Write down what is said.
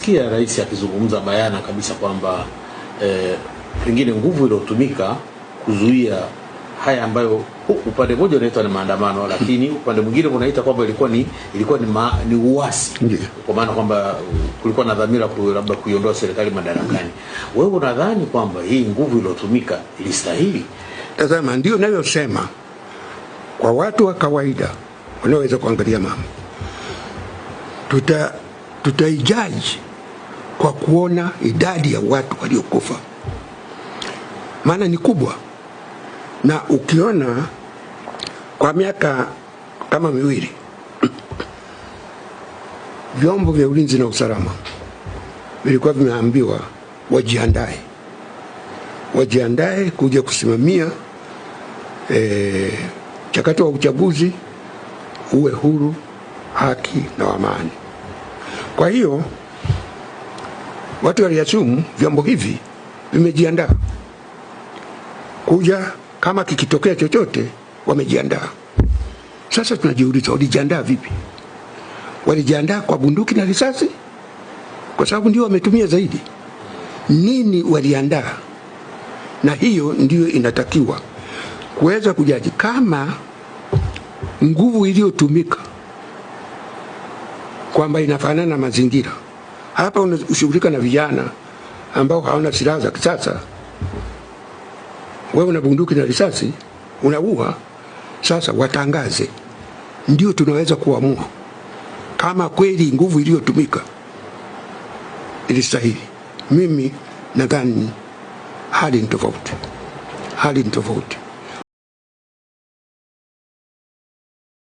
Sikia rais akizungumza bayana kabisa kwamba eh, pengine nguvu iliyotumika kuzuia haya ambayo upande mmoja unaitwa ni maandamano, lakini upande mwingine unaita kwamba ilikuwa ni ilikuwa ni, ma, ni uasi yeah. Kwa maana kwamba kulikuwa na dhamira ku, labda kuiondoa serikali madarakani mm. Wewe unadhani kwamba hii nguvu iliyotumika ilistahili? Tazama, ndio nayosema kwa watu wa kawaida wanaoweza kuangalia mambo tuta tutaijaji kwa kuona idadi ya watu waliokufa, maana ni kubwa, na ukiona kwa miaka kama miwili vyombo vya ulinzi na usalama vilikuwa vimeambiwa wajiandae, wajiandae kuja kusimamia eh, mchakato e, wa uchaguzi uwe huru, haki na amani. Kwa hiyo Watu waliasumu vyombo hivi vimejiandaa kuja, kama kikitokea chochote wamejiandaa. Sasa tunajiuliza walijiandaa vipi? Walijiandaa kwa bunduki na risasi, kwa sababu ndio wametumia zaidi. Nini waliandaa? Na hiyo ndiyo inatakiwa kuweza kujaji kama nguvu iliyotumika kwamba inafanana na mazingira hapa unashughulika na vijana ambao hawana silaha za kisasa. Wewe una bunduki na risasi, unaua. Sasa watangaze, ndio tunaweza kuamua kama kweli nguvu iliyotumika ilistahili. Mimi nadhani hali ni tofauti, hali ni tofauti.